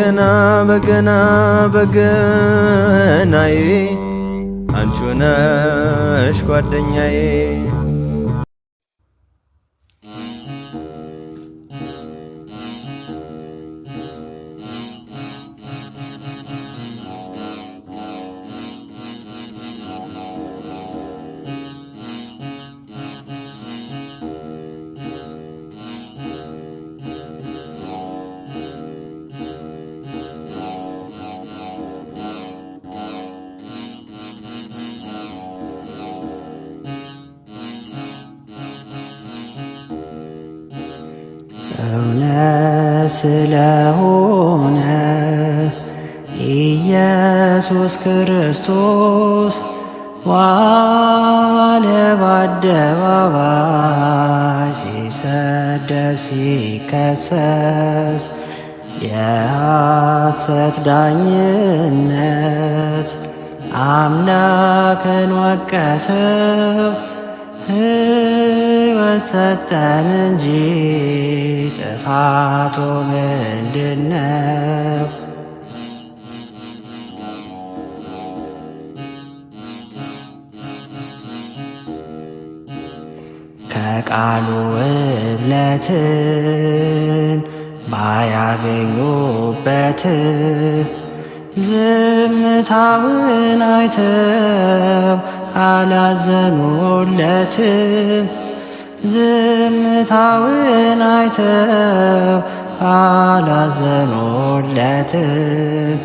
በገና በገና በገናዬ አንቺ ነሽ ጓደኛዬ እውነት ስለሆነ ኢየሱስ ክርስቶስ ዋለ በአደባባይ ሲሰደብ ሲከሰስ የሐሰት ዳኝነት አምላክን ወቀሰው። ሰጠን እንጂ ጥፋቱ ምንድነው? ከቃሉ እብለትን ባያገኙበት ዝምታውን አይተው አላዘኑለትም። ዝምታውን አይተው አላዘኑለትም።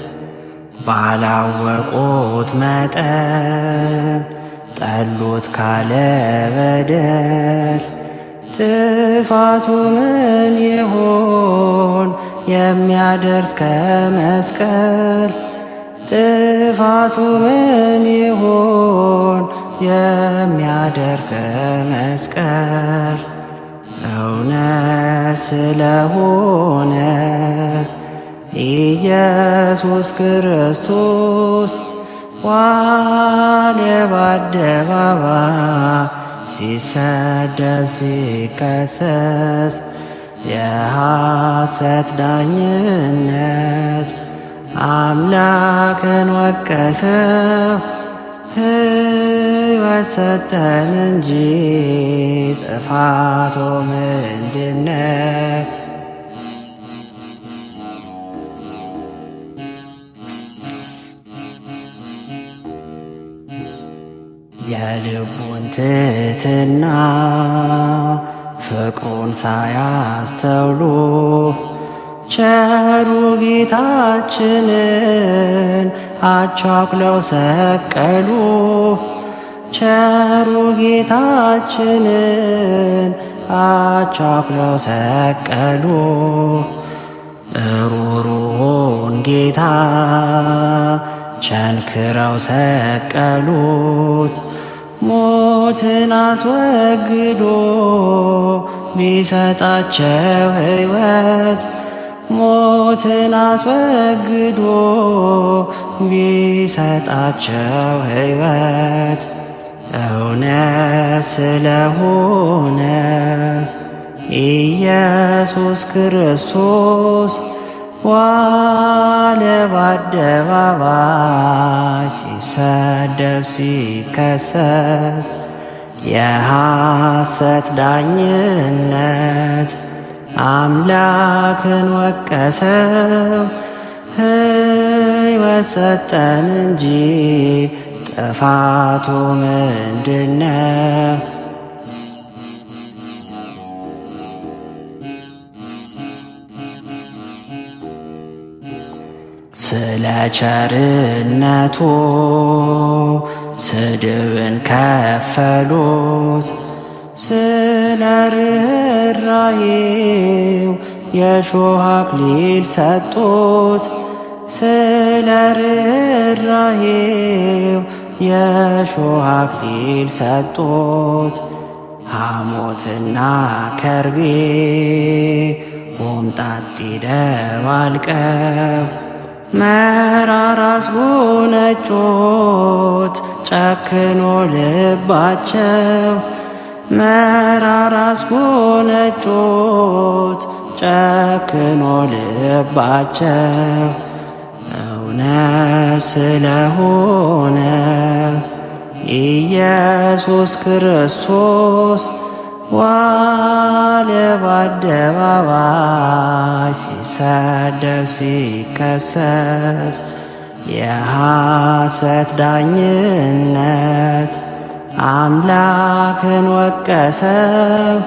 ባላወቁት መጠን ጠሉት ካለ በደል ጥፋቱ ምን ይሆን የሚያደርስ ከመስቀል ጥፋቱ ምን የሚያደርገ መስቀል እውነት ስለሆነ ኢየሱስ ክርስቶስ ዋለ በአደባባይ ሲሰደብ ሲከሰስ የሐሰት ዳኝነት አምላክን ወቀሰው። ሕይወት ሰጠን እንጂ ጥፋቱ ምንድነው? የልቡን ትሕትና ፍቅሩን ሳያስተውሉ ቸሩ ጌታችንን አቻኩለው ሰቀሉ። ቸሩ ጌታችንን አቻኩለው ሰቀሉ። እሩሩን ጌታ ቸንክረው ሰቀሉት። ሞትን አስወግዶ ቢሰጣቸው ሕይወት ሞትን አስወግዶ ቢሰጣቸው ሕይወት እውነት ስለሆነ ኢየሱስ ክርስቶስ ዋለ በአደባባይ ሲሰደብ ሲከሰስ የሐሰት ዳኝነት አምላክን ወቀሰው ሕይወት ሰጠን እንጂ ጥፋቱ ምንድነ ስለ ቸርነቱ ስድብን ከፈሉት ስለ ርኅራኄው የሾህ አክሊል ሰጡት። ስለ ርኅራኄው የሾህ አክሊል ሰጡት። ሐሞትና ከርቤ ሆምጣጤ ደባልቀው መራራ አስጎነጩት ጨክኖ ልባቸው መራራ አስጎነጩት ጨክኖ ልባቸው እውነት ስለሆነ ኢየሱስ ክርስቶስ ዋለ በአደባባይ ሲሰደብ ሲከሰስ የሐሰት ዳኝነት አምላክ አምላክን ወቀሰው።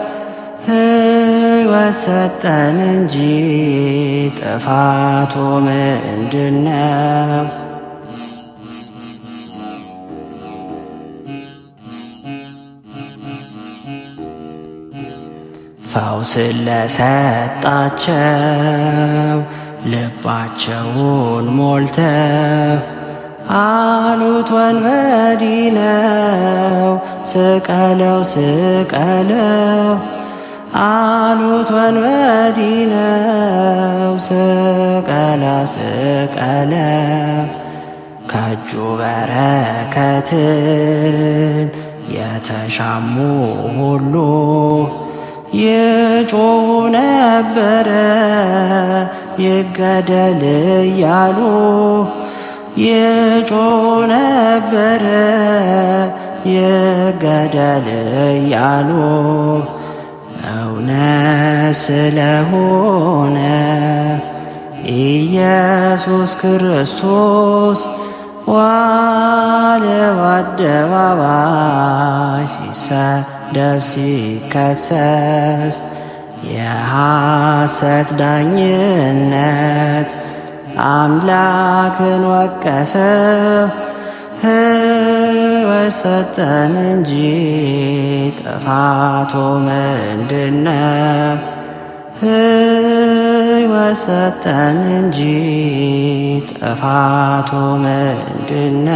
ሕይወት ሰጠን እንጂ ጥፋቱ ምንድነው? ፈውስ ለሰጣቸው ልባቸውን ሞልተው አሉት ወንበዴ ነው። ስቀለው ስቀለው አሉት ወንበዴ ነው። ስቀለው ስቀለው ከእጁ በረከትን የተሻሙ ሁሉ ይጮሁ ነበረ ይገደል እያሉ ይጮህ ነበረ ይገደል ያሉ እውነት ስለሆነ ኢየሱስ ክርስቶስ ዋለ በአደባባይ ሲሰደብ ሲከሰስ የሐሰት ዳኝነት አምላክን ወቀሰ ወሰጠን እንጂ ጥፋቱ ምንድነ? ወሰጠን እንጂ ጥፋቱ ምንድነ?